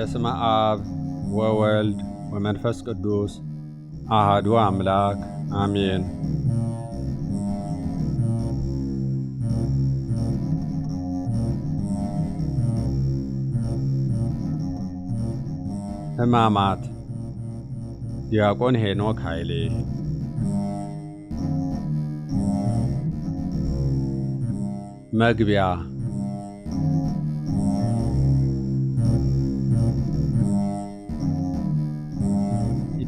በስመ አብ ወወልድ ወመንፈስ ቅዱስ አህዱ አምላክ አሜን። ሕማማት ዲያቆን ሄኖክ ኃይሌ መግቢያ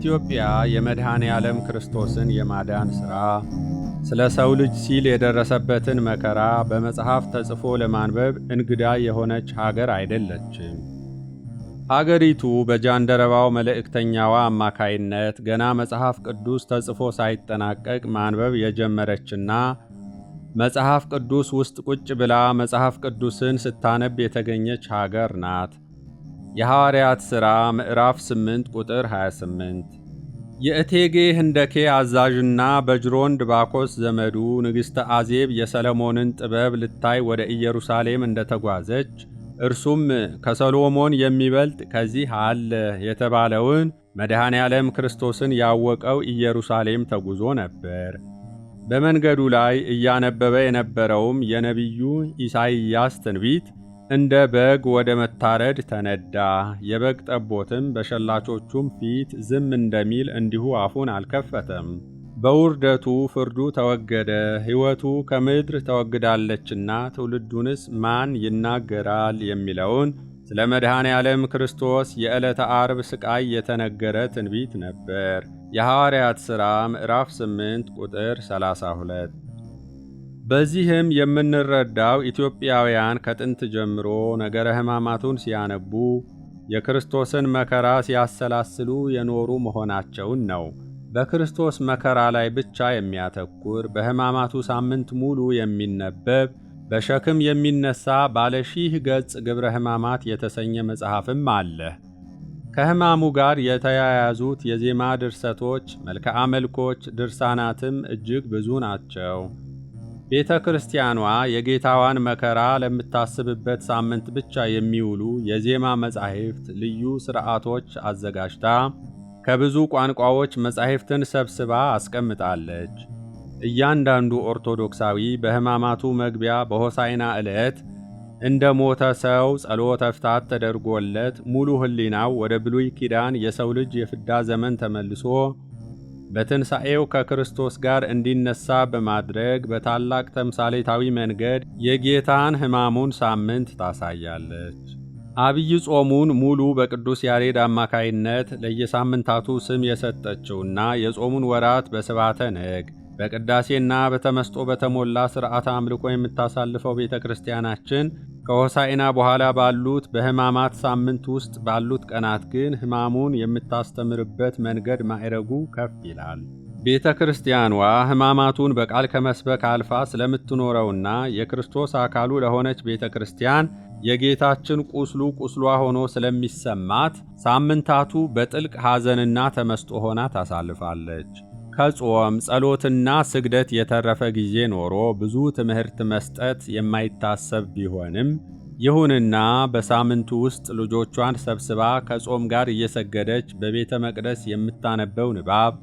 በኢትዮጵያ የመድኃኔ ዓለም ክርስቶስን የማዳን ሥራ ስለ ሰው ልጅ ሲል የደረሰበትን መከራ በመጽሐፍ ተጽፎ ለማንበብ እንግዳ የሆነች ሀገር አይደለችም። አገሪቱ በጃንደረባው መልእክተኛዋ አማካይነት ገና መጽሐፍ ቅዱስ ተጽፎ ሳይጠናቀቅ ማንበብ የጀመረችና መጽሐፍ ቅዱስ ውስጥ ቁጭ ብላ መጽሐፍ ቅዱስን ስታነብ የተገኘች ሀገር ናት። የሐዋርያት ሥራ ምዕራፍ 8 ቁጥር 28 የእቴጌ ህንደኬ አዛዥና በጅሮን ድባኮስ ዘመዱ ንግሥተ አዜብ የሰለሞንን ጥበብ ልታይ ወደ ኢየሩሳሌም እንደተጓዘች እርሱም ከሰሎሞን የሚበልጥ ከዚህ አለ የተባለውን መድኃኔ ዓለም ክርስቶስን ያወቀው ኢየሩሳሌም ተጉዞ ነበር። በመንገዱ ላይ እያነበበ የነበረውም የነቢዩ ኢሳይያስ ትንቢት እንደ በግ ወደ መታረድ ተነዳ። የበግ ጠቦትም በሸላቾቹም ፊት ዝም እንደሚል እንዲሁ አፉን አልከፈተም። በውርደቱ ፍርዱ ተወገደ። ሕይወቱ ከምድር ተወግዳለችና ትውልዱንስ ማን ይናገራል የሚለውን ስለ መድኃኔ ዓለም ክርስቶስ የዕለተ አርብ ሥቃይ የተነገረ ትንቢት ነበር። የሐዋርያት ሥራ ምዕራፍ 8 ቁጥር 32 በዚህም የምንረዳው ኢትዮጵያውያን ከጥንት ጀምሮ ነገረ ሕማማቱን ሲያነቡ የክርስቶስን መከራ ሲያሰላስሉ የኖሩ መሆናቸውን ነው። በክርስቶስ መከራ ላይ ብቻ የሚያተኩር በሕማማቱ ሳምንት ሙሉ የሚነበብ በሸክም የሚነሳ ባለ ሺህ ገጽ ግብረ ሕማማት የተሰኘ መጽሐፍም አለ። ከሕማሙ ጋር የተያያዙት የዜማ ድርሰቶች፣ መልክዓ መልኮች፣ ድርሳናትም እጅግ ብዙ ናቸው። ቤተ ክርስቲያኗ የጌታዋን መከራ ለምታስብበት ሳምንት ብቻ የሚውሉ የዜማ መጻሕፍት፣ ልዩ ሥርዓቶች አዘጋጅታ ከብዙ ቋንቋዎች መጻሕፍትን ሰብስባ አስቀምጣለች። እያንዳንዱ ኦርቶዶክሳዊ በሕማማቱ መግቢያ በሆሳይና ዕለት እንደ ሞተ ሰው ጸሎተ ፍታት ተደርጎለት ሙሉ ሕሊናው ወደ ብሉይ ኪዳን የሰው ልጅ የፍዳ ዘመን ተመልሶ በትንሣኤው ከክርስቶስ ጋር እንዲነሳ በማድረግ በታላቅ ተምሳሌታዊ መንገድ የጌታን ሕማሙን ሳምንት ታሳያለች። አብይ ጾሙን ሙሉ በቅዱስ ያሬድ አማካይነት ለየሳምንታቱ ስም የሰጠችውና የጾሙን ወራት በስባተ ነግ በቅዳሴና በተመስጦ በተሞላ ስርዓት አምልኮ የምታሳልፈው ቤተ ክርስቲያናችን ከሆሳዕና በኋላ ባሉት በሕማማት ሳምንት ውስጥ ባሉት ቀናት ግን ሕማሙን የምታስተምርበት መንገድ ማዕረጉ ከፍ ይላል። ቤተ ክርስቲያኗ ሕማማቱን በቃል ከመስበክ አልፋ ስለምትኖረውና የክርስቶስ አካሉ ለሆነች ቤተ ክርስቲያን የጌታችን ቁስሉ ቁስሏ ሆኖ ስለሚሰማት ሳምንታቱ በጥልቅ ሐዘንና ተመስጦ ሆና ታሳልፋለች። ከጾም ጸሎትና ስግደት የተረፈ ጊዜ ኖሮ ብዙ ትምህርት መስጠት የማይታሰብ ቢሆንም ይሁንና በሳምንቱ ውስጥ ልጆቿን ሰብስባ ከጾም ጋር እየሰገደች በቤተ መቅደስ የምታነበው ንባብ፣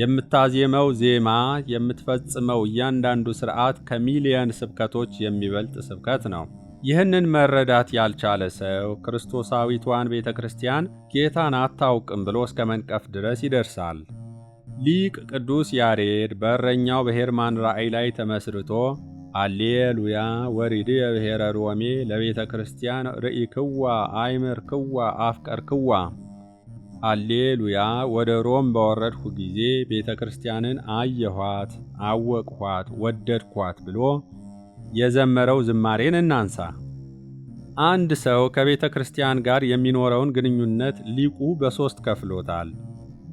የምታዜመው ዜማ፣ የምትፈጽመው እያንዳንዱ ሥርዓት ከሚሊየን ስብከቶች የሚበልጥ ስብከት ነው። ይህንን መረዳት ያልቻለ ሰው ክርስቶሳዊቷን ቤተ ክርስቲያን ጌታን አታውቅም ብሎ እስከ መንቀፍ ድረስ ይደርሳል። ሊቅ ቅዱስ ያሬድ በእረኛው በሄርማን ራእይ ላይ ተመስርቶ አሌሉያ ወሪድ የብሔረ ሮሜ ለቤተ ክርስቲያን ርኢ ክዋ አይምር ክዋ አፍቀር ክዋ አሌሉያ ወደ ሮም በወረድሁ ጊዜ ቤተ ክርስቲያንን አየኋት፣ አወቅኋት፣ ወደድኳት ብሎ የዘመረው ዝማሬን እናንሳ። አንድ ሰው ከቤተ ክርስቲያን ጋር የሚኖረውን ግንኙነት ሊቁ በሦስት ከፍሎታል።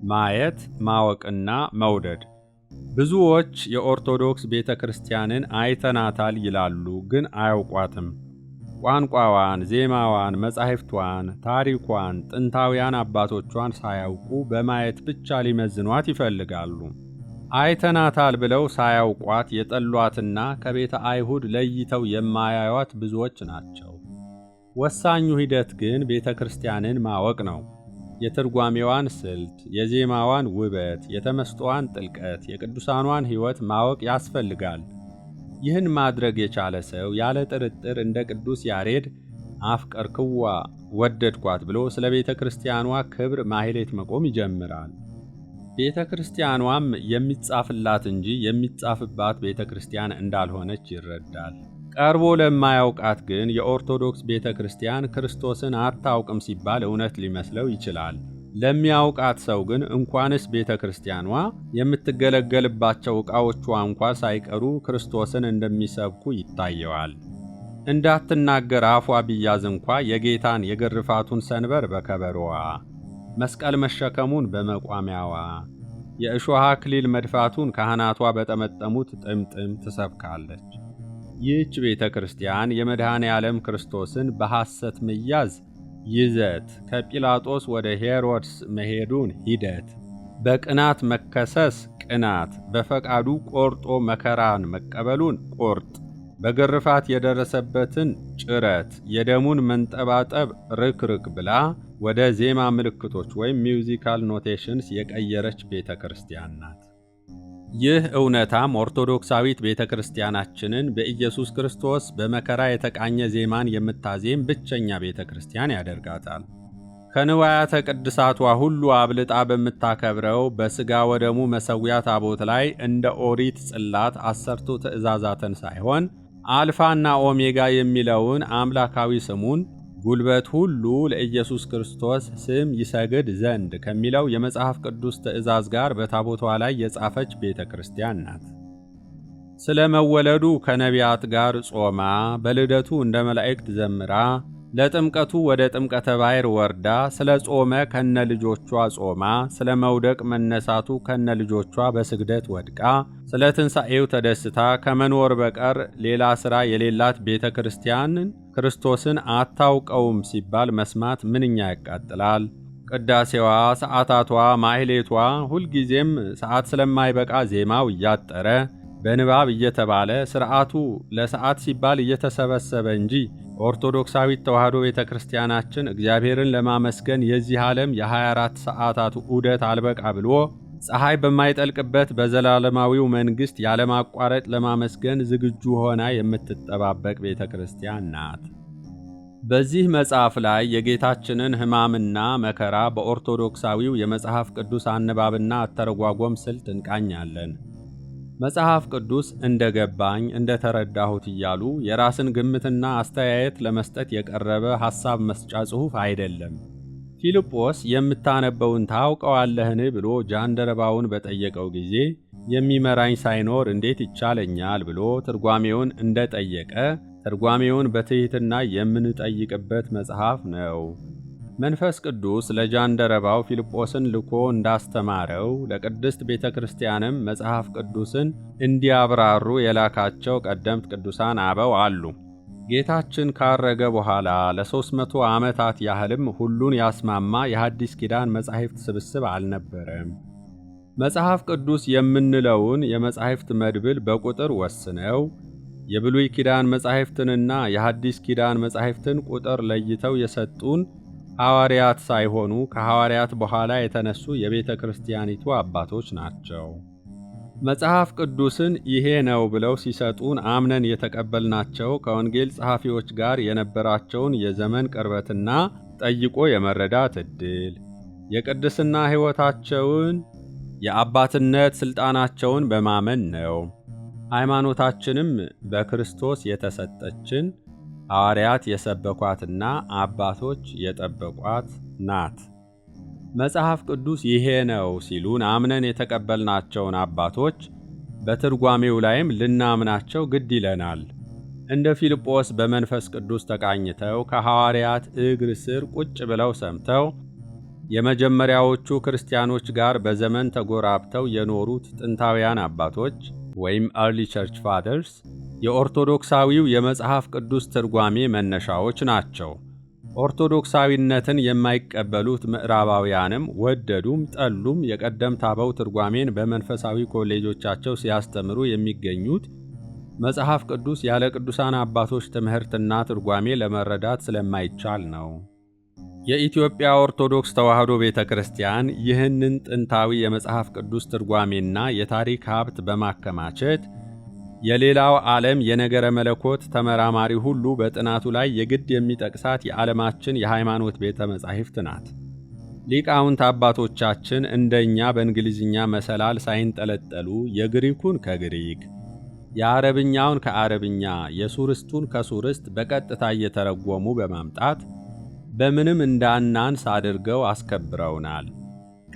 ማየት ማወቅና መውደድ። ብዙዎች የኦርቶዶክስ ቤተ ክርስቲያንን አይተናታል ይላሉ፣ ግን አያውቋትም። ቋንቋዋን፣ ዜማዋን፣ መጻሕፍቷን፣ ታሪኳን፣ ጥንታውያን አባቶቿን ሳያውቁ በማየት ብቻ ሊመዝኗት ይፈልጋሉ። አይተናታል ብለው ሳያውቋት የጠሏትና ከቤተ አይሁድ ለይተው የማያዩት ብዙዎች ናቸው። ወሳኙ ሂደት ግን ቤተ ክርስቲያንን ማወቅ ነው። የትርጓሜዋን ስልት፣ የዜማዋን ውበት፣ የተመስጦዋን ጥልቀት፣ የቅዱሳኗን ሕይወት ማወቅ ያስፈልጋል። ይህን ማድረግ የቻለ ሰው ያለ ጥርጥር እንደ ቅዱስ ያሬድ አፍቀርክዋ ወደድኳት ብሎ ስለ ቤተ ክርስቲያኗ ክብር ማሕሌት መቆም ይጀምራል። ቤተ ክርስቲያኗም የሚጻፍላት እንጂ የሚጻፍባት ቤተ ክርስቲያን እንዳልሆነች ይረዳል። ቀርቦ ለማያውቃት ግን የኦርቶዶክስ ቤተ ክርስቲያን ክርስቶስን አታውቅም ሲባል እውነት ሊመስለው ይችላል። ለሚያውቃት ሰው ግን እንኳንስ ቤተ ክርስቲያኗ የምትገለገልባቸው ዕቃዎቿ እንኳ ሳይቀሩ ክርስቶስን እንደሚሰብኩ ይታየዋል። እንዳትናገር አፏ ቢያዝ እንኳ የጌታን የግርፋቱን ሰንበር በከበሮዋ፣ መስቀል መሸከሙን በመቋሚያዋ፣ የእሾህ አክሊል መድፋቱን ካህናቷ በጠመጠሙት ጥምጥም ትሰብካለች። ይህች ቤተ ክርስቲያን የመድኃኔ ዓለም ክርስቶስን በሐሰት መያዝ ይዘት ከጲላጦስ ወደ ሄሮድስ መሄዱን ሂደት በቅናት መከሰስ ቅናት በፈቃዱ ቆርጦ መከራን መቀበሉን ቁርጥ በግርፋት የደረሰበትን ጭረት የደሙን መንጠባጠብ ርክርክ ብላ ወደ ዜማ ምልክቶች ወይም ሚውዚካል ኖቴሽንስ የቀየረች ቤተ ክርስቲያን ናት። ይህ እውነታም ኦርቶዶክሳዊት ቤተ ክርስቲያናችንን በኢየሱስ ክርስቶስ በመከራ የተቃኘ ዜማን የምታዜም ብቸኛ ቤተ ክርስቲያን ያደርጋታል። ከንዋያተ ቅድሳቷ ሁሉ አብልጣ በምታከብረው በሥጋ ወደሙ መሠዊያ ታቦት ላይ እንደ ኦሪት ጽላት አሰርቶ ትእዛዛትን ሳይሆን አልፋና ኦሜጋ የሚለውን አምላካዊ ስሙን ጉልበት ሁሉ ለኢየሱስ ክርስቶስ ስም ይሰግድ ዘንድ ከሚለው የመጽሐፍ ቅዱስ ትእዛዝ ጋር በታቦቷ ላይ የጻፈች ቤተ ክርስቲያን ናት። ስለ መወለዱ ከነቢያት ጋር ጾማ፣ በልደቱ እንደ መላእክት ዘምራ፣ ለጥምቀቱ ወደ ጥምቀተ ባሕር ወርዳ፣ ስለ ጾመ ከነ ልጆቿ ጾማ፣ ስለ መውደቅ መነሳቱ ከነ ልጆቿ በስግደት ወድቃ፣ ስለ ትንሣኤው ተደስታ ከመኖር በቀር ሌላ ሥራ የሌላት ቤተ ክርስቲያንን ክርስቶስን አታውቀውም ሲባል መስማት ምንኛ ያቃጥላል! ቅዳሴዋ፣ ሰዓታቷ፣ ማሕሌቷ ሁልጊዜም ሰዓት ስለማይበቃ ዜማው እያጠረ በንባብ እየተባለ ሥርዓቱ ለሰዓት ሲባል እየተሰበሰበ እንጂ ኦርቶዶክሳዊት ተዋሕዶ ቤተ ክርስቲያናችን እግዚአብሔርን ለማመስገን የዚህ ዓለም የ24 ሰዓታት ዑደት አልበቃ ብሎ ፀሐይ በማይጠልቅበት በዘላለማዊው መንግሥት ያለማቋረጥ ለማመስገን ዝግጁ ሆና የምትጠባበቅ ቤተ ክርስቲያን ናት። በዚህ መጽሐፍ ላይ የጌታችንን ሕማምና መከራ በኦርቶዶክሳዊው የመጽሐፍ ቅዱስ አነባብና አተረጓጎም ስልት እንቃኛለን። መጽሐፍ ቅዱስ እንደ ገባኝ እንደ ተረዳሁት እያሉ የራስን ግምትና አስተያየት ለመስጠት የቀረበ ሐሳብ መስጫ ጽሑፍ አይደለም። ፊልጶስ የምታነበውን ታውቀዋለህን ብሎ ጃንደረባውን በጠየቀው ጊዜ የሚመራኝ ሳይኖር እንዴት ይቻለኛል ብሎ ትርጓሜውን እንደጠየቀ ትርጓሜውን በትሕትና የምንጠይቅበት መጽሐፍ ነው። መንፈስ ቅዱስ ለጃንደረባው ፊልጶስን ልኮ እንዳስተማረው ለቅድስት ቤተ ክርስቲያንም መጽሐፍ ቅዱስን እንዲያብራሩ የላካቸው ቀደምት ቅዱሳን አበው አሉ። ጌታችን ካረገ በኋላ ለሦስት መቶ ዓመታት ያህልም ሁሉን ያስማማ የሐዲስ ኪዳን መጻሕፍት ስብስብ አልነበረም። መጽሐፍ ቅዱስ የምንለውን የመጻሕፍት መድብል በቁጥር ወስነው የብሉይ ኪዳን መጻሕፍትንና የሐዲስ ኪዳን መጻሕፍትን ቁጥር ለይተው የሰጡን ሐዋርያት ሳይሆኑ ከሐዋርያት በኋላ የተነሱ የቤተ ክርስቲያኒቱ አባቶች ናቸው። መጽሐፍ ቅዱስን ይሄ ነው ብለው ሲሰጡን አምነን የተቀበልናቸው ከወንጌል ጸሐፊዎች ጋር የነበራቸውን የዘመን ቅርበትና ጠይቆ የመረዳት ዕድል የቅድስና ሕይወታቸውን የአባትነት ሥልጣናቸውን በማመን ነው። ሃይማኖታችንም በክርስቶስ የተሰጠችን ሐዋርያት የሰበኳትና አባቶች የጠበቋት ናት። መጽሐፍ ቅዱስ ይሄ ነው ሲሉን አምነን የተቀበልናቸውን አባቶች በትርጓሜው ላይም ልናምናቸው ግድ ይለናል። እንደ ፊልጶስ በመንፈስ ቅዱስ ተቃኝተው ከሐዋርያት እግር ስር ቁጭ ብለው ሰምተው የመጀመሪያዎቹ ክርስቲያኖች ጋር በዘመን ተጎራብተው የኖሩት ጥንታውያን አባቶች ወይም አርሊ ቸርች ፋደርስ የኦርቶዶክሳዊው የመጽሐፍ ቅዱስ ትርጓሜ መነሻዎች ናቸው። ኦርቶዶክሳዊነትን የማይቀበሉት ምዕራባውያንም ወደዱም ጠሉም የቀደምት አበው ትርጓሜን በመንፈሳዊ ኮሌጆቻቸው ሲያስተምሩ የሚገኙት መጽሐፍ ቅዱስ ያለ ቅዱሳን አባቶች ትምህርትና ትርጓሜ ለመረዳት ስለማይቻል ነው። የኢትዮጵያ ኦርቶዶክስ ተዋሕዶ ቤተ ክርስቲያን ይህንን ጥንታዊ የመጽሐፍ ቅዱስ ትርጓሜና የታሪክ ሀብት በማከማቸት የሌላው ዓለም የነገረ መለኮት ተመራማሪ ሁሉ በጥናቱ ላይ የግድ የሚጠቅሳት የዓለማችን የሃይማኖት ቤተ መጻሕፍት ናት። ሊቃውንት አባቶቻችን እንደኛ በእንግሊዝኛ መሰላል ሳይንጠለጠሉ የግሪኩን ከግሪክ የአረብኛውን ከአረብኛ የሱርስቱን ከሱርስት በቀጥታ እየተረጎሙ በማምጣት በምንም እንዳናንስ አድርገው አስከብረውናል።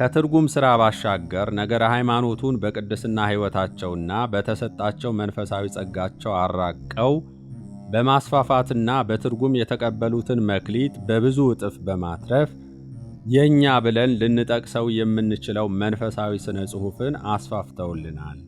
ከትርጉም ሥራ ባሻገር ነገረ ሃይማኖቱን በቅድስና ሕይወታቸውና በተሰጣቸው መንፈሳዊ ጸጋቸው አራቀው በማስፋፋትና በትርጉም የተቀበሉትን መክሊት በብዙ እጥፍ በማትረፍ የእኛ ብለን ልንጠቅሰው የምንችለው መንፈሳዊ ሥነ ጽሑፍን አስፋፍተውልናል።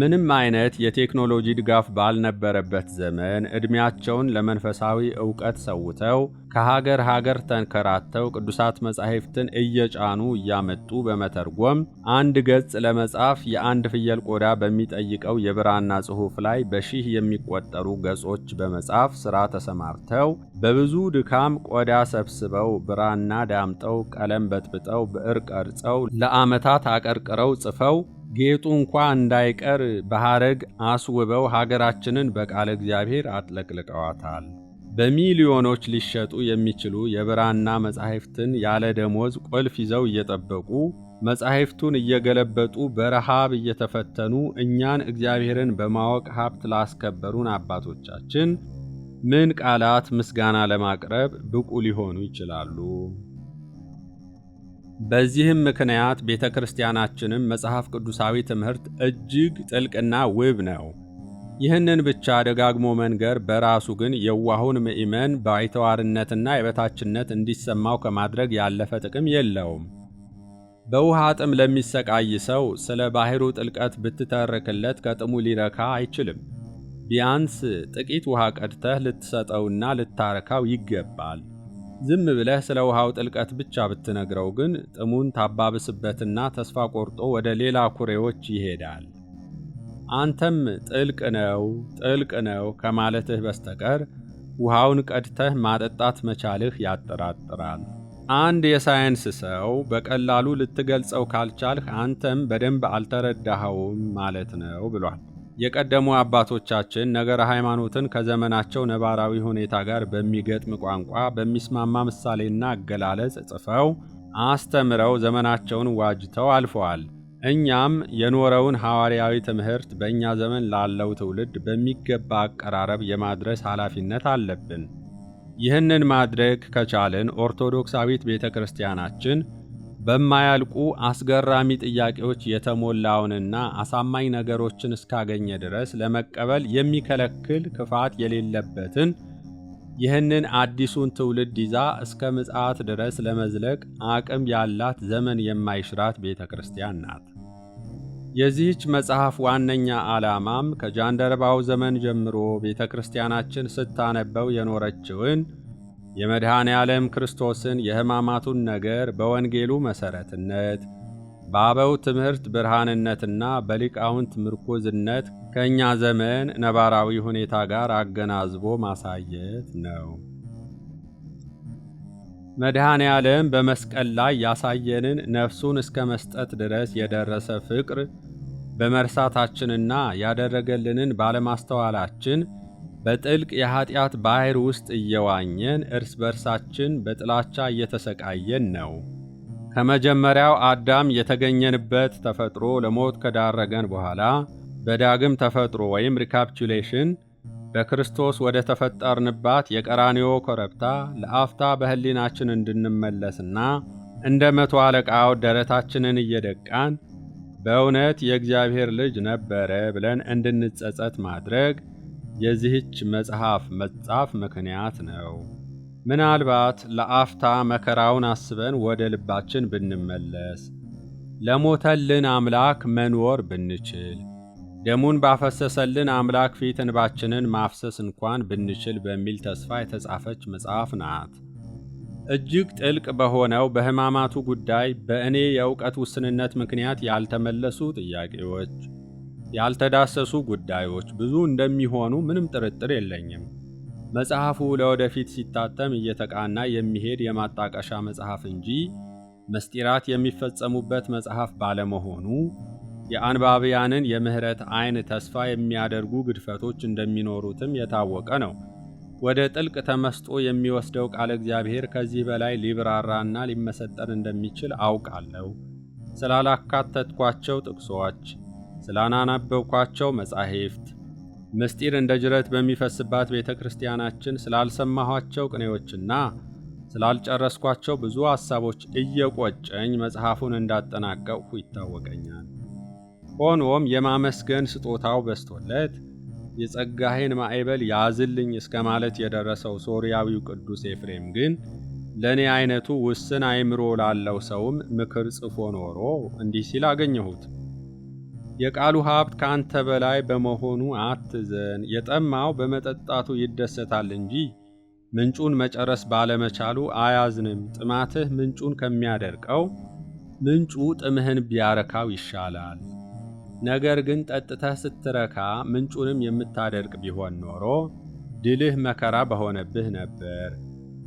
ምንም አይነት የቴክኖሎጂ ድጋፍ ባልነበረበት ዘመን ዕድሜያቸውን ለመንፈሳዊ ዕውቀት ሰውተው ከሀገር ሀገር ተንከራተው ቅዱሳት መጻሕፍትን እየጫኑ እያመጡ በመተርጎም አንድ ገጽ ለመጻፍ የአንድ ፍየል ቆዳ በሚጠይቀው የብራና ጽሑፍ ላይ በሺህ የሚቆጠሩ ገጾች በመጻፍ ሥራ ተሰማርተው በብዙ ድካም ቆዳ ሰብስበው ብራና ዳምጠው ቀለም በጥብጠው ብዕር ቀርጸው ለዓመታት አቀርቅረው ጽፈው ጌጡ እንኳ እንዳይቀር በሐረግ አስውበው ሀገራችንን በቃለ እግዚአብሔር አጥለቅልቀዋታል። በሚሊዮኖች ሊሸጡ የሚችሉ የብራና መጻሕፍትን ያለ ደሞዝ ቁልፍ ይዘው እየጠበቁ መጻሕፍቱን እየገለበጡ በረሃብ እየተፈተኑ እኛን እግዚአብሔርን በማወቅ ሀብት ላስከበሩን አባቶቻችን ምን ቃላት ምስጋና ለማቅረብ ብቁ ሊሆኑ ይችላሉ? በዚህም ምክንያት ቤተ ክርስቲያናችንም መጽሐፍ ቅዱሳዊ ትምህርት እጅግ ጥልቅና ውብ ነው። ይህንን ብቻ ደጋግሞ መንገር በራሱ ግን የዋሁን ምእመን ባይተዋርነትና የበታችነት እንዲሰማው ከማድረግ ያለፈ ጥቅም የለውም። በውሃ ጥም ለሚሰቃይ ሰው ስለ ባሕሩ ጥልቀት ብትተርክለት ከጥሙ ሊረካ አይችልም። ቢያንስ ጥቂት ውሃ ቀድተህ ልትሰጠውና ልታረካው ይገባል። ዝም ብለህ ስለ ውሃው ጥልቀት ብቻ ብትነግረው ግን ጥሙን ታባብስበትና ተስፋ ቆርጦ ወደ ሌላ ኩሬዎች ይሄዳል። አንተም ጥልቅ ነው ጥልቅ ነው ከማለትህ በስተቀር ውሃውን ቀድተህ ማጠጣት መቻልህ ያጠራጥራል። አንድ የሳይንስ ሰው በቀላሉ ልትገልጸው ካልቻልህ አንተም በደንብ አልተረዳኸውም ማለት ነው ብሏል። የቀደሙ አባቶቻችን ነገረ ሃይማኖትን ከዘመናቸው ነባራዊ ሁኔታ ጋር በሚገጥም ቋንቋ በሚስማማ ምሳሌና አገላለጽ ጽፈው አስተምረው ዘመናቸውን ዋጅተው አልፈዋል። እኛም የኖረውን ሐዋርያዊ ትምህርት በእኛ ዘመን ላለው ትውልድ በሚገባ አቀራረብ የማድረስ ኃላፊነት አለብን። ይህንን ማድረግ ከቻልን ኦርቶዶክሳዊት ቤተ ክርስቲያናችን በማያልቁ አስገራሚ ጥያቄዎች የተሞላውንና አሳማኝ ነገሮችን እስካገኘ ድረስ ለመቀበል የሚከለክል ክፋት የሌለበትን ይህንን አዲሱን ትውልድ ይዛ እስከ ምጽአት ድረስ ለመዝለቅ አቅም ያላት ዘመን የማይሽራት ቤተ ክርስቲያን ናት። የዚህች መጽሐፍ ዋነኛ ዓላማም ከጃንደረባው ዘመን ጀምሮ ቤተ ክርስቲያናችን ስታነበው የኖረችውን የመድኃኔ ዓለም ክርስቶስን የሕማማቱን ነገር በወንጌሉ መሠረትነት በአበው ትምህርት ብርሃንነትና በሊቃውንት ምርኩዝነት ከእኛ ዘመን ነባራዊ ሁኔታ ጋር አገናዝቦ ማሳየት ነው። መድኃኔ ዓለም በመስቀል ላይ ያሳየንን ነፍሱን እስከ መስጠት ድረስ የደረሰ ፍቅር በመርሳታችንና ያደረገልንን ባለማስተዋላችን በጥልቅ የኀጢአት ባሕር ውስጥ እየዋኘን እርስ በርሳችን በጥላቻ እየተሰቃየን ነው። ከመጀመሪያው አዳም የተገኘንበት ተፈጥሮ ለሞት ከዳረገን በኋላ በዳግም ተፈጥሮ ወይም ሪካፕቹሌሽን በክርስቶስ ወደ ተፈጠርንባት የቀራንዮ ኮረብታ ለአፍታ በሕሊናችን እንድንመለስና እንደ መቶ አለቃው ደረታችንን እየደቃን በእውነት የእግዚአብሔር ልጅ ነበረ ብለን እንድንጸጸት ማድረግ የዚህች መጽሐፍ መጻፍ ምክንያት ነው። ምናልባት ለአፍታ መከራውን አስበን ወደ ልባችን ብንመለስ፣ ለሞተልን አምላክ መኖር ብንችል ደሙን ባፈሰሰልን አምላክ ፊት እንባችንን ማፍሰስ እንኳን ብንችል በሚል ተስፋ የተጻፈች መጽሐፍ ናት። እጅግ ጥልቅ በሆነው በሕማማቱ ጉዳይ በእኔ የእውቀት ውስንነት ምክንያት ያልተመለሱ ጥያቄዎች፣ ያልተዳሰሱ ጉዳዮች ብዙ እንደሚሆኑ ምንም ጥርጥር የለኝም። መጽሐፉ ለወደፊት ሲታተም እየተቃና የሚሄድ የማጣቀሻ መጽሐፍ እንጂ መስጢራት የሚፈጸሙበት መጽሐፍ ባለመሆኑ የአንባቢያንን የምሕረት ዐይን ተስፋ የሚያደርጉ ግድፈቶች እንደሚኖሩትም የታወቀ ነው። ወደ ጥልቅ ተመስጦ የሚወስደው ቃለ እግዚአብሔር ከዚህ በላይ ሊብራራና ሊመሰጠን እንደሚችል አውቃለሁ። ስላላካተትኳቸው ጥቅሶች፣ ስላናነበብኳቸው መጻሕፍት፣ ምስጢር እንደ ጅረት በሚፈስባት ቤተ ክርስቲያናችን ስላልሰማኋቸው ቅኔዎችና ስላልጨረስኳቸው ብዙ ሐሳቦች እየቆጨኝ መጽሐፉን እንዳጠናቀቅሁ ይታወቀኛል። ሆኖም የማመስገን ስጦታው በስቶለት የጸጋህን ማዕበል ያዝልኝ እስከ ማለት የደረሰው ሶርያዊው ቅዱስ ኤፍሬም ግን ለእኔ አይነቱ ውስን አእምሮ ላለው ሰውም ምክር ጽፎ ኖሮ እንዲህ ሲል አገኘሁት። የቃሉ ሀብት ከአንተ በላይ በመሆኑ አትዘን። የጠማው በመጠጣቱ ይደሰታል እንጂ ምንጩን መጨረስ ባለመቻሉ አያዝንም። ጥማትህ ምንጩን ከሚያደርቀው ምንጩ ጥምህን ቢያረካው ይሻላል። ነገር ግን ጠጥተህ ስትረካ ምንጩንም የምታደርቅ ቢሆን ኖሮ ድልህ መከራ በሆነብህ ነበር።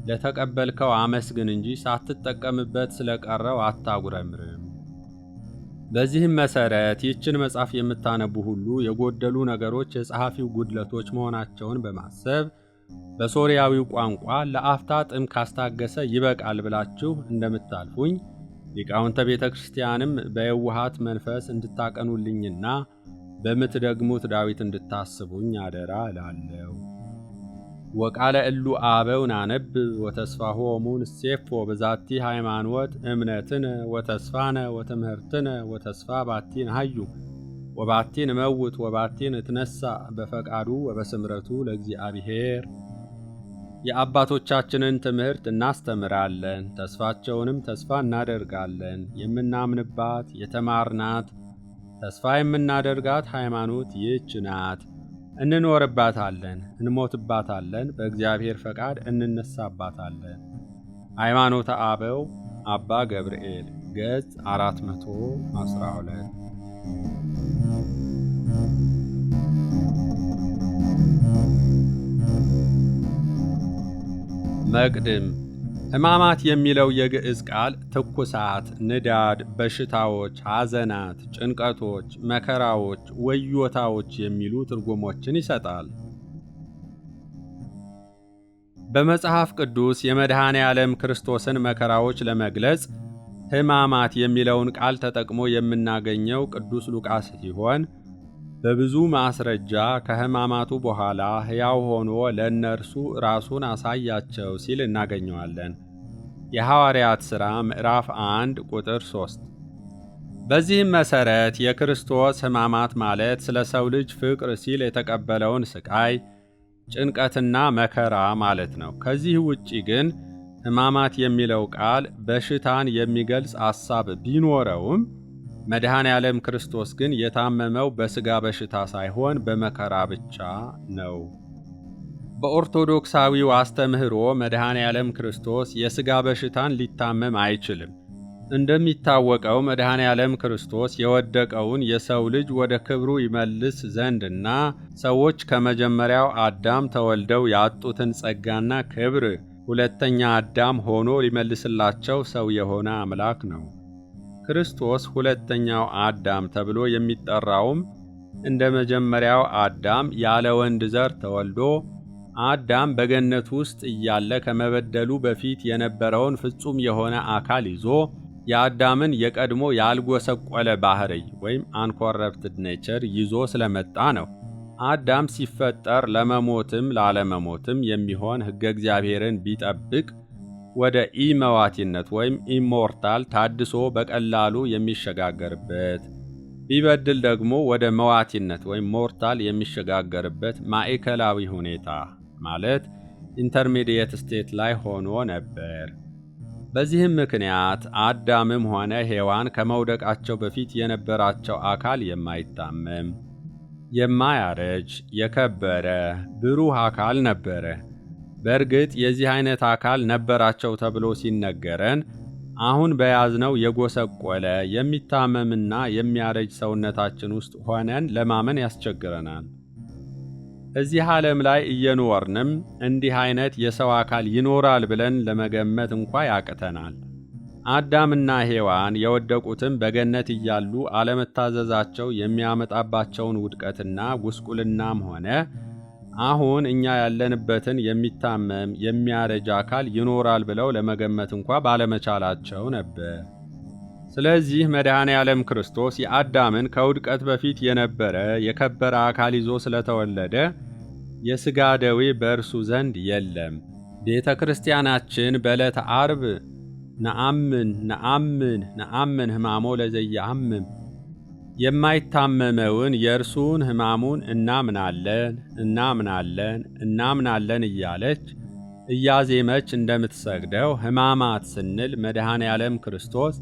ለተቀበልከው አመስግን እንጂ ሳትጠቀምበት ስለቀረው አታጉረምርም። በዚህም መሰረት ይህችን መጽሐፍ የምታነቡ ሁሉ የጎደሉ ነገሮች የጸሐፊው ጉድለቶች መሆናቸውን በማሰብ በሶርያዊው ቋንቋ ለአፍታ ጥም ካስታገሰ ይበቃል ብላችሁ እንደምታልፉኝ ሊቃውንተ ቤተ ክርስቲያንም በየውሃት መንፈስ እንድታቀኑልኝና በምትደግሙት ዳዊት እንድታስቡኝ አደራ እላለሁ። ወቃለ እሉ አበውን አነብ ወተስፋ ሆሙን ሴፎ በዛቲ ሃይማኖት እምነትን ወተስፋነ ወትምህርትነ ወተስፋ ባቲን ሃዩ ወባቲን መውት ወባቲን እትነሣ በፈቃዱ ወበስምረቱ ለእግዚአብሔር የአባቶቻችንን ትምህርት እናስተምራለን፣ ተስፋቸውንም ተስፋ እናደርጋለን። የምናምንባት የተማርናት ተስፋ የምናደርጋት ሃይማኖት ይህች ናት። እንኖርባታለን፣ እንሞትባታለን፣ በእግዚአብሔር ፈቃድ እንነሳባታለን። ሃይማኖተ አበው አባ ገብርኤል ገጽ 412 መቅድም ሕማማት የሚለው የግዕዝ ቃል ትኩሳት፣ ንዳድ፣ በሽታዎች፣ ሐዘናት፣ ጭንቀቶች፣ መከራዎች፣ ወዮታዎች የሚሉ ትርጉሞችን ይሰጣል። በመጽሐፍ ቅዱስ የመድኃኔ ዓለም ክርስቶስን መከራዎች ለመግለጽ ሕማማት የሚለውን ቃል ተጠቅሞ የምናገኘው ቅዱስ ሉቃስ ሲሆን በብዙ ማስረጃ ከሕማማቱ በኋላ ሕያው ሆኖ ለእነርሱ ራሱን አሳያቸው ሲል እናገኘዋለን። የሐዋርያት ሥራ ምዕራፍ 1 ቁጥር 3። በዚህም መሠረት የክርስቶስ ሕማማት ማለት ስለ ሰው ልጅ ፍቅር ሲል የተቀበለውን ሥቃይ፣ ጭንቀትና መከራ ማለት ነው። ከዚህ ውጪ ግን ሕማማት የሚለው ቃል በሽታን የሚገልጽ ሐሳብ ቢኖረውም መድኃኔ ዓለም ክርስቶስ ግን የታመመው በሥጋ በሽታ ሳይሆን በመከራ ብቻ ነው። በኦርቶዶክሳዊው አስተምህሮ መድኃኔ ዓለም ክርስቶስ የሥጋ በሽታን ሊታመም አይችልም። እንደሚታወቀው መድኃኔ ዓለም ክርስቶስ የወደቀውን የሰው ልጅ ወደ ክብሩ ይመልስ ዘንድና ሰዎች ከመጀመሪያው አዳም ተወልደው ያጡትን ጸጋና ክብር ሁለተኛ አዳም ሆኖ ሊመልስላቸው ሰው የሆነ አምላክ ነው። ክርስቶስ ሁለተኛው አዳም ተብሎ የሚጠራውም እንደ መጀመሪያው አዳም ያለ ወንድ ዘር ተወልዶ አዳም በገነት ውስጥ እያለ ከመበደሉ በፊት የነበረውን ፍጹም የሆነ አካል ይዞ የአዳምን የቀድሞ ያልጎሰቆለ ባህርይ ወይም አንኮረፕትድ ኔቸር ይዞ ስለመጣ ነው። አዳም ሲፈጠር ለመሞትም ላለመሞትም የሚሆን ሕገ እግዚአብሔርን ቢጠብቅ ወደ ኢመዋቲነት ወይም ኢሞርታል ታድሶ በቀላሉ የሚሸጋገርበት ቢበድል ደግሞ ወደ መዋቲነት ወይም ሞርታል የሚሸጋገርበት ማዕከላዊ ሁኔታ ማለት ኢንተርሚዲየት ስቴት ላይ ሆኖ ነበር። በዚህም ምክንያት አዳምም ሆነ ሔዋን ከመውደቃቸው በፊት የነበራቸው አካል የማይታመም፣ የማያረጅ፣ የከበረ ብሩህ አካል ነበረ። በእርግጥ የዚህ አይነት አካል ነበራቸው ተብሎ ሲነገረን አሁን በያዝነው የጎሰቆለ የሚታመምና የሚያረጅ ሰውነታችን ውስጥ ሆነን ለማመን ያስቸግረናል። እዚህ ዓለም ላይ እየኖርንም እንዲህ አይነት የሰው አካል ይኖራል ብለን ለመገመት እንኳ ያቅተናል። አዳምና ሔዋን የወደቁትም በገነት እያሉ አለመታዘዛቸው የሚያመጣባቸውን ውድቀትና ጉስቁልናም ሆነ አሁን እኛ ያለንበትን የሚታመም የሚያረጅ አካል ይኖራል ብለው ለመገመት እንኳ ባለመቻላቸው ነበር። ስለዚህ መድኃኔ ዓለም ክርስቶስ የአዳምን ከውድቀት በፊት የነበረ የከበረ አካል ይዞ ስለተወለደ የሥጋ ደዌ በእርሱ ዘንድ የለም። ቤተ ክርስቲያናችን በዕለተ አርብ ነአምን ነአምን ነአምን ሕማሞ ለዘየአምም የማይታመመውን የእርሱን ሕማሙን እናምናለን እናምናለን እናምናለን እያለች እያዜመች እንደምትሰግደው ሕማማት ስንል መድኃኔ ዓለም ክርስቶስ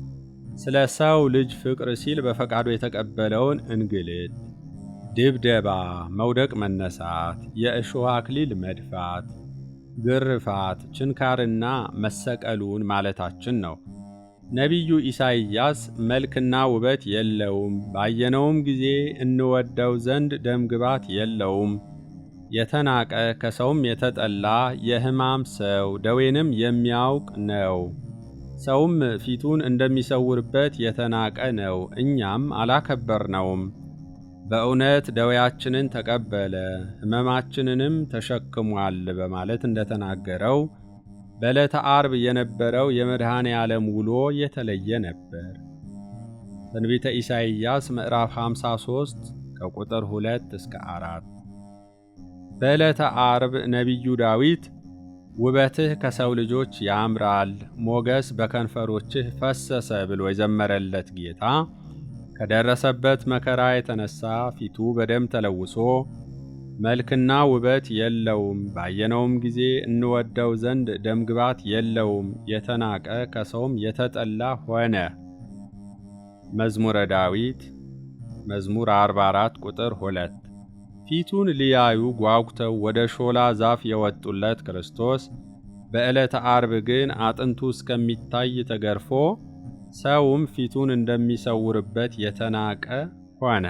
ስለ ሰው ልጅ ፍቅር ሲል በፈቃዱ የተቀበለውን እንግልት፣ ድብደባ፣ መውደቅ፣ መነሳት፣ የእሾህ አክሊል መድፋት፣ ግርፋት፣ ችንካርና መሰቀሉን ማለታችን ነው። ነቢዩ ኢሳይያስ መልክና ውበት የለውም፣ ባየነውም ጊዜ እንወደው ዘንድ ደምግባት የለውም፣ የተናቀ ከሰውም የተጠላ የሕማም ሰው ደዌንም የሚያውቅ ነው። ሰውም ፊቱን እንደሚሰውርበት የተናቀ ነው፣ እኛም አላከበርነውም። በእውነት ደዌያችንን ተቀበለ ሕመማችንንም ተሸክሟል በማለት እንደተናገረው በዕለተ ዓርብ የነበረው የመድኃኔ ዓለም ውሎ የተለየ ነበር። ትንቢተ ኢሳይያስ ምዕራፍ 53 ከቁጥር 2 እስከ 4። በዕለተ ዓርብ ነቢዩ ዳዊት ውበትህ ከሰው ልጆች ያምራል፣ ሞገስ በከንፈሮችህ ፈሰሰ ብሎ የዘመረለት ጌታ ከደረሰበት መከራ የተነሳ ፊቱ በደም ተለውሶ መልክና ውበት የለውም። ባየነውም ጊዜ እንወደው ዘንድ ደምግባት የለውም። የተናቀ ከሰውም የተጠላ ሆነ። መዝሙረ ዳዊት መዝሙር 44 ቁጥር 2 ፊቱን ሊያዩ ጓጉተው ወደ ሾላ ዛፍ የወጡለት ክርስቶስ በዕለተ አርብ ግን አጥንቱ እስከሚታይ ተገርፎ ሰውም ፊቱን እንደሚሰውርበት የተናቀ ሆነ።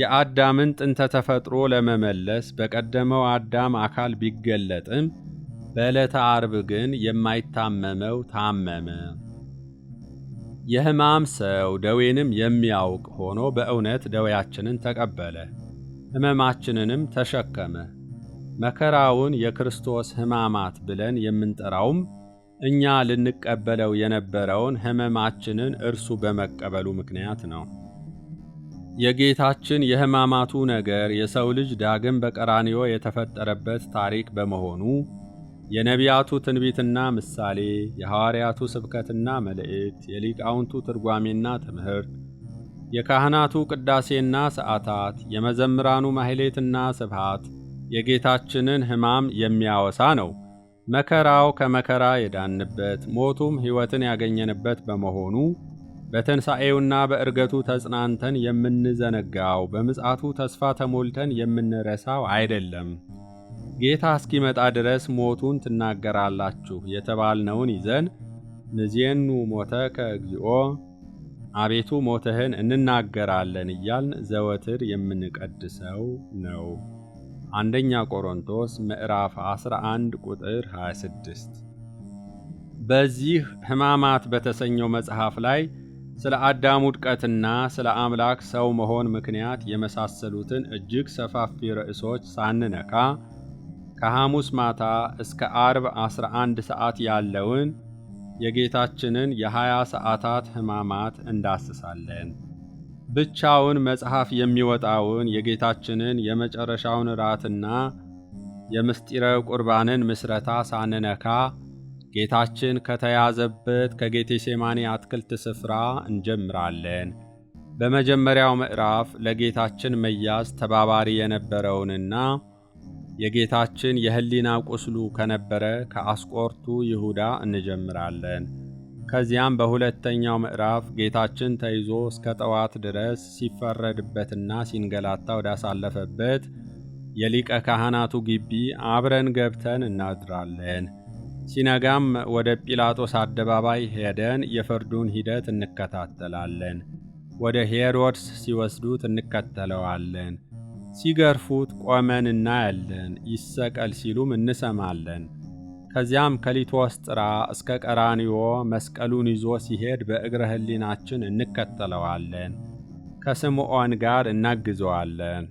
የአዳምን ጥንተ ተፈጥሮ ለመመለስ በቀደመው አዳም አካል ቢገለጥም በዕለተ አርብ ግን የማይታመመው ታመመ። የሕማም ሰው ደዌንም የሚያውቅ ሆኖ በእውነት ደዌያችንን ተቀበለ፣ ሕመማችንንም ተሸከመ። መከራውን የክርስቶስ ሕማማት ብለን የምንጠራውም እኛ ልንቀበለው የነበረውን ሕመማችንን እርሱ በመቀበሉ ምክንያት ነው። የጌታችን የሕማማቱ ነገር የሰው ልጅ ዳግም በቀራንዮ የተፈጠረበት ታሪክ በመሆኑ የነቢያቱ ትንቢትና ምሳሌ፣ የሐዋርያቱ ስብከትና መልእክት፣ የሊቃውንቱ ትርጓሜና ትምህርት፣ የካህናቱ ቅዳሴና ሰዓታት፣ የመዘምራኑ ማኅሌትና ስብሃት የጌታችንን ሕማም የሚያወሳ ነው። መከራው ከመከራ የዳንበት ሞቱም ሕይወትን ያገኘንበት በመሆኑ በትንሣኤውና በእርገቱ ተጽናንተን የምንዘነጋው በምጽአቱ ተስፋ ተሞልተን የምንረሳው አይደለም። ጌታ እስኪመጣ ድረስ ሞቱን ትናገራላችሁ የተባልነውን ይዘን ንዜኑ ሞተ ከእግዚኦ አቤቱ ሞትህን እንናገራለን እያልን ዘወትር የምንቀድሰው ነው። አንደኛ ቆሮንቶስ ምዕራፍ 11 ቁጥር 26። በዚህ ሕማማት በተሰኘው መጽሐፍ ላይ ስለ አዳም ውድቀትና ስለ አምላክ ሰው መሆን ምክንያት የመሳሰሉትን እጅግ ሰፋፊ ርዕሶች ሳንነካ ከሐሙስ ማታ እስከ አርብ 11 ሰዓት ያለውን የጌታችንን የ20 ሰዓታት ሕማማት እንዳስሳለን። ብቻውን መጽሐፍ የሚወጣውን የጌታችንን የመጨረሻውን ራትና የምስጢረ ቁርባንን ምስረታ ሳንነካ ጌታችን ከተያዘበት ከጌቴሴማኒ አትክልት ስፍራ እንጀምራለን። በመጀመሪያው ምዕራፍ ለጌታችን መያዝ ተባባሪ የነበረውንና የጌታችን የሕሊና ቁስሉ ከነበረ ከአስቆርቱ ይሁዳ እንጀምራለን። ከዚያም በሁለተኛው ምዕራፍ ጌታችን ተይዞ እስከ ጠዋት ድረስ ሲፈረድበትና ሲንገላታ ወዳሳለፈበት የሊቀ ካህናቱ ግቢ አብረን ገብተን እናድራለን። ሲነጋም ወደ ጲላጦስ አደባባይ ሄደን የፍርዱን ሂደት እንከታተላለን። ወደ ሄሮድስ ሲወስዱት እንከተለዋለን። ሲገርፉት ቆመን እናያለን። ይሰቀል ሲሉም እንሰማለን። ከዚያም ከሊቶስጥራ እስከ ቀራኒዮ መስቀሉን ይዞ ሲሄድ በእግረ ሕሊናችን እንከተለዋለን። ከስምዖን ጋር እናግዘዋለን።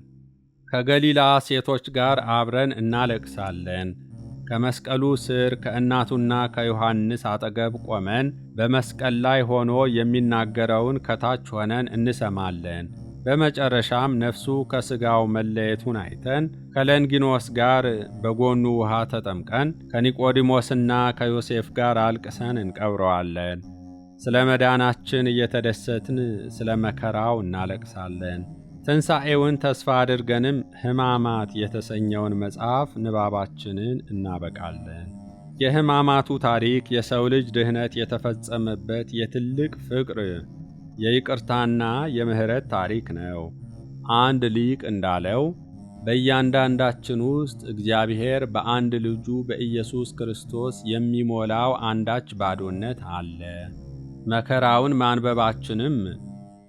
ከገሊላ ሴቶች ጋር አብረን እናለቅሳለን። ከመስቀሉ ስር ከእናቱና ከዮሐንስ አጠገብ ቆመን በመስቀል ላይ ሆኖ የሚናገረውን ከታች ሆነን እንሰማለን። በመጨረሻም ነፍሱ ከሥጋው መለየቱን አይተን ከለንጊኖስ ጋር በጎኑ ውሃ ተጠምቀን ከኒቆዲሞስና ከዮሴፍ ጋር አልቅሰን እንቀብረዋለን። ስለ መዳናችን እየተደሰትን ስለ መከራው እናለቅሳለን። ትንሣኤውን ተስፋ አድርገንም ሕማማት የተሰኘውን መጽሐፍ ንባባችንን እናበቃለን። የሕማማቱ ታሪክ የሰው ልጅ ድኅነት የተፈጸመበት የትልቅ ፍቅር የይቅርታና የምሕረት ታሪክ ነው። አንድ ሊቅ እንዳለው በእያንዳንዳችን ውስጥ እግዚአብሔር በአንድ ልጁ በኢየሱስ ክርስቶስ የሚሞላው አንዳች ባዶነት አለ። መከራውን ማንበባችንም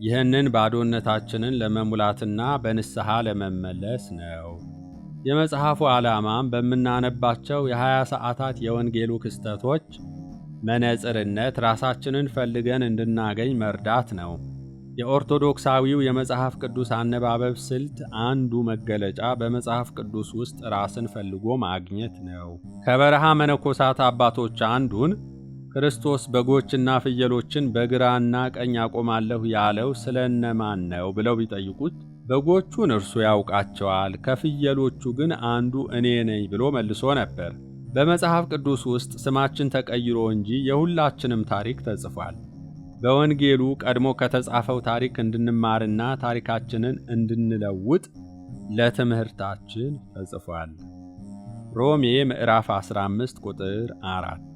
ይህንን ባዶነታችንን ለመሙላትና በንስሐ ለመመለስ ነው። የመጽሐፉ ዓላማም በምናነባቸው የሀያ ሰዓታት የወንጌሉ ክስተቶች መነጽርነት ራሳችንን ፈልገን እንድናገኝ መርዳት ነው። የኦርቶዶክሳዊው የመጽሐፍ ቅዱስ አነባበብ ስልት አንዱ መገለጫ በመጽሐፍ ቅዱስ ውስጥ ራስን ፈልጎ ማግኘት ነው። ከበረሃ መነኮሳት አባቶች አንዱን ክርስቶስ በጎችና ፍየሎችን በግራና ቀኝ አቆማለሁ ያለው ስለ እነማን ነው ብለው ቢጠይቁት በጎቹን እርሱ ያውቃቸዋል፣ ከፍየሎቹ ግን አንዱ እኔ ነኝ ብሎ መልሶ ነበር። በመጽሐፍ ቅዱስ ውስጥ ስማችን ተቀይሮ እንጂ የሁላችንም ታሪክ ተጽፏል። በወንጌሉ ቀድሞ ከተጻፈው ታሪክ እንድንማርና ታሪካችንን እንድንለውጥ ለትምህርታችን ተጽፏል። ሮሜ ምዕራፍ 15 ቁጥር 4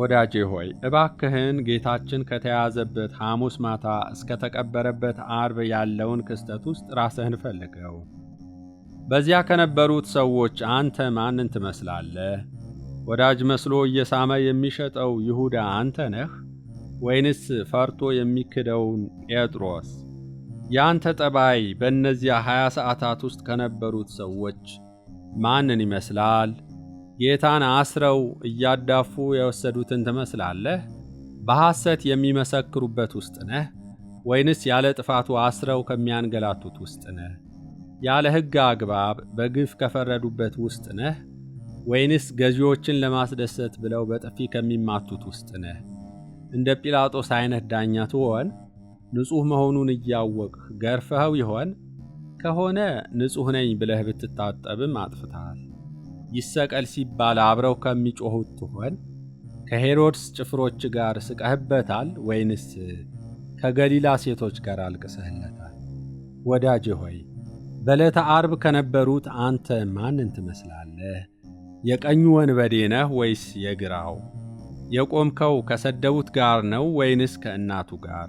ወዳጄ ሆይ እባክህን ጌታችን ከተያዘበት ሐሙስ ማታ እስከ ተቀበረበት አርብ ያለውን ክስተት ውስጥ ራስህን ፈልገው። በዚያ ከነበሩት ሰዎች አንተ ማንን ትመስላለህ? ወዳጅ መስሎ እየሳመ የሚሸጠው ይሁዳ አንተ ነህ ወይንስ ፈርቶ የሚክደውን ጴጥሮስ? የአንተ ጠባይ በእነዚያ ሀያ ሰዓታት ውስጥ ከነበሩት ሰዎች ማንን ይመስላል? ጌታን አስረው እያዳፉ የወሰዱትን ትመስላለህ? በሐሰት የሚመሰክሩበት ውስጥ ነህ ወይንስ ያለ ጥፋቱ አስረው ከሚያንገላቱት ውስጥ ነህ? ያለ ሕግ አግባብ በግፍ ከፈረዱበት ውስጥ ነህ ወይንስ ገዢዎችን ለማስደሰት ብለው በጥፊ ከሚማቱት ውስጥ ነህ? እንደ ጲላጦስ አይነት ዳኛ ትሆን? ንጹሕ መሆኑን እያወቅህ ገርፈኸው ይሆን? ከሆነ ንጹሕ ነኝ ብለህ ብትታጠብም አጥፍተሃል። ይሰቀል ሲባል አብረው ከሚጮሁት ትሆን? ከሄሮድስ ጭፍሮች ጋር ስቀህበታል ወይንስ ከገሊላ ሴቶች ጋር አልቅሰህለታል? ወዳጄ ሆይ በዕለተ አርብ ከነበሩት አንተ ማንን ትመስላለህ? የቀኙ ወንበዴ ነህ ወይስ የግራው? የቆምከው ከሰደቡት ጋር ነው ወይንስ ከእናቱ ጋር?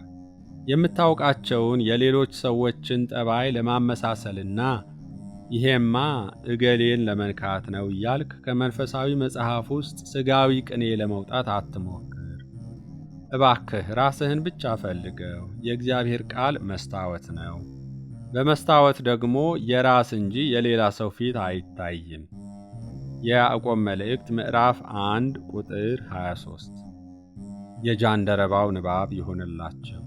የምታውቃቸውን የሌሎች ሰዎችን ጠባይ ለማመሳሰልና ይሄማ እገሌን ለመንካት ነው እያልክ ከመንፈሳዊ መጽሐፍ ውስጥ ሥጋዊ ቅኔ ለመውጣት አትሞክር። እባክህ ራስህን ብቻ ፈልገው። የእግዚአብሔር ቃል መስታወት ነው። በመስታወት ደግሞ የራስ እንጂ የሌላ ሰው ፊት አይታይም። የያዕቆብ መልእክት ምዕራፍ 1 ቁጥር 23። የጃንደረባው ንባብ ይሁንላቸው።